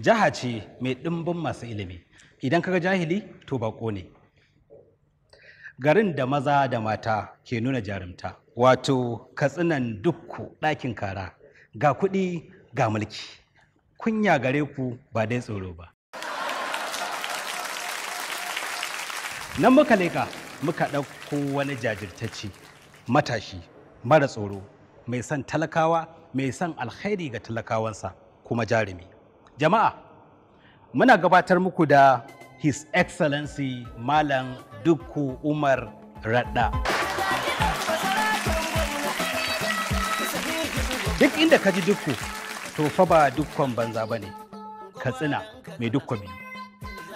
jaha ce mai ɗimbin masu ilimi idan kaga jahili to bako ne garin da maza da mata ke nuna jarumta wato katsinan dukku ɗakin kara ga kuɗi ga mulki kunya gare ku ba dai tsoro ba nan muka leka muka ɗauko wani jajirtacci matashi mara tsoro mai son talakawa mai son alkhairi ga talakawansa kuma jarumi Jama'a, muna gabatar muku da His Excellency Malam Dukku Umar Radda. Duk inda ka ji dukku, to fa ba dukkan banza ba ne, ka tsina mai dukku biyu.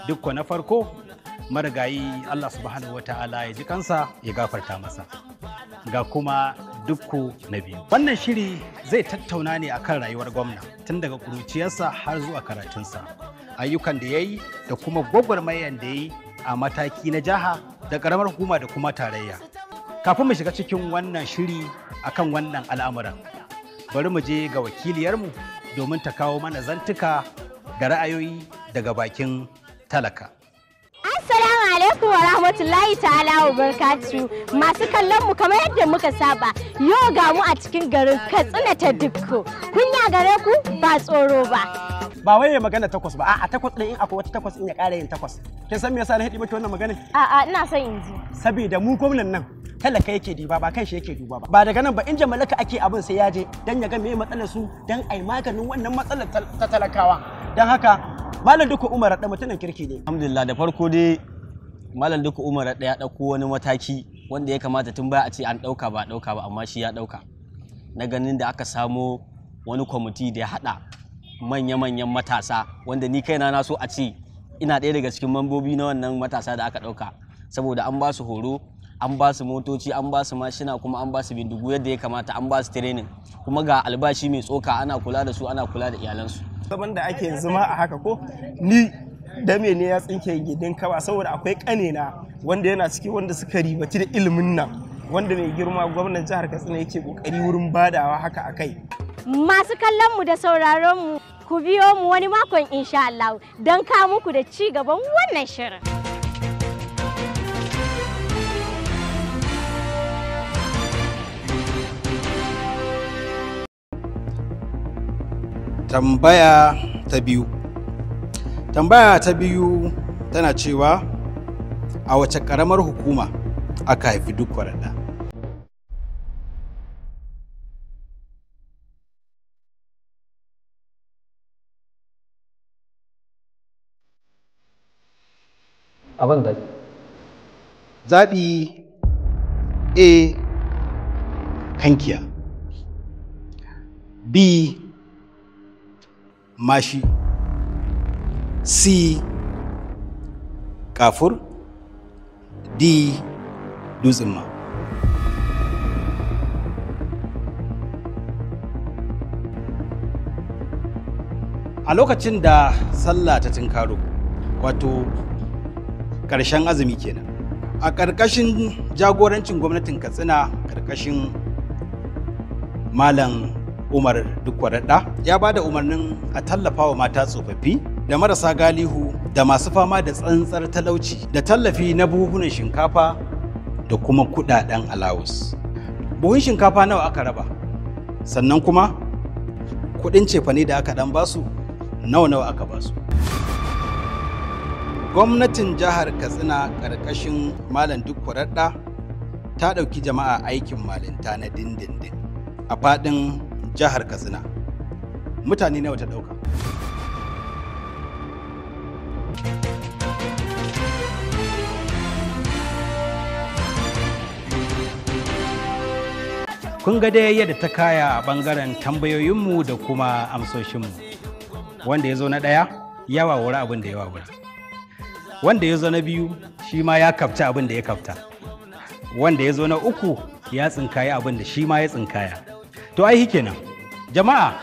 Dukko na farko, marigayi Allah subhanahu wa ta'ala ya ji kansa ya gafarta masa. Ga kuma dukku na biyu wannan shiri zai tattauna ne akan rayuwar gwamna tun daga kuruciyarsa har zuwa karatunsa ayyukan da ya yi da kuma gwagwarmayan da ya yi a mataki na jiha da karamar hukuma da kuma tarayya kafin mu shiga cikin wannan shiri akan wannan al'amuran bari mu je ga wakiliyarmu domin ta kawo mana zantuka da ra'ayoyi daga bakin talaka Assalamu alaikum wa rahmatullahi ta'ala wa barkatu masu kallon mu kamar yadda muka saba yau ga mu a cikin garin Katsina ta Dikko kunya gare ku ba tsoro ba ba wai ya magana takwas ba a'a takwas din in akwai wata takwas in ya ƙara yin takwas kin san me yasa na hidi miki wannan magana a'a ina son in ji saboda mu gwamnatin nan talaka yake duba ba shi yake duba ba ba daga nan ba in jamalaka ake abin sai ya je dan ya ga me matsalar su dan ai maganin wannan matsalar ta talakawa dan haka malam duka umar da mutumin kirki ne alhamdulillah da farko dai malam duka umar da ya dauko wani mataki wanda ya kamata tun baya a ce an dauka ba dauka ba amma shi ya dauka na ganin da aka samo wani kwamiti da ya hada manya-manyan matasa wanda ni kaina na so a ce ina ɗaya daga cikin mambobi na wannan matasa da aka ɗauka saboda an ba su horo an ba su motoci an ba su mashina kuma an ba su bindigu yadda ya kamata an ba su training kuma ga albashi mai tsoka ana kula da su ana kula da iyalansu zaman da ake zama a haka ko ni dame ne ya tsinke gidin kaba saboda akwai kanena wanda yana ciki wanda suka ribaci da ilimin nan wanda mai girma gwamnan jihar katsina yake kokari wurin badawa haka a kai masu kallon mu da sauraron mu ku biyo mu wani makon insha Allah don kawo muku da ci gaban wannan shirin tambaya ta biyu tambaya ta biyu tana cewa a wace karamar hukuma aka haifi duk kwararra abin da zaɓi a kankiya b mashi c kafur d dutsen ma a lokacin da sallah ta tunkaro wato ƙarshen azumi kenan a ƙarƙashin jagorancin gwamnatin katsina ƙarƙashin malam Umar Dukwaradda ya ba da umarnin a tallafa wa mata tsofaffi da marasa galihu da masu fama da tsantsar talauci da tallafi na buhunan shinkafa da kuma kudaden alawus. Buhun shinkafa nawa aka raba, sannan kuma kudin cefane da aka dan basu nawa nawa aka basu. Gwamnatin jihar Katsina ƙarƙashin Malam Duk ta ɗauki jama'a aikin malinta na dindindin a faɗin jihar katsina mutane nawa ta ɗauka kun ga dai yadda ta kaya a bangaren tambayoyinmu da kuma amsoshinmu wanda ya zo na ɗaya ya wawura abin da ya wawura wanda ya zo na biyu shi ma ya kafta abin da ya kafta wanda ya zo na uku ya tsinkaya abin da shi ma ya tsinkaya to ai kenan Jama'a,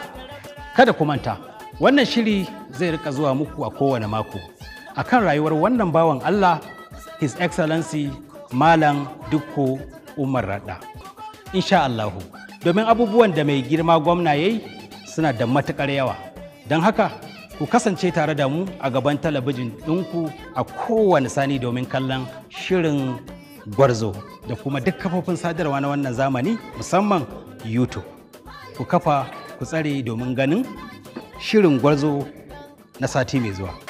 kada ku manta, wannan shiri zai rika zuwa muku a kowane mako kan rayuwar wannan bawan Allah, His Excellency Malam Dukko Umar Rada. Insha Allahu, domin abubuwan da mai girma gwamna ya yi suna da matuƙar yawa. Don haka, ku kasance tare da mu a gaban talabijin ɗinku a kowane sani domin kallon shirin gwarzo da kuma duk kafofin sadarwa na wannan zamani musamman YouTube. ku kafa ku tsare domin ganin shirin gwarzo na sati mai zuwa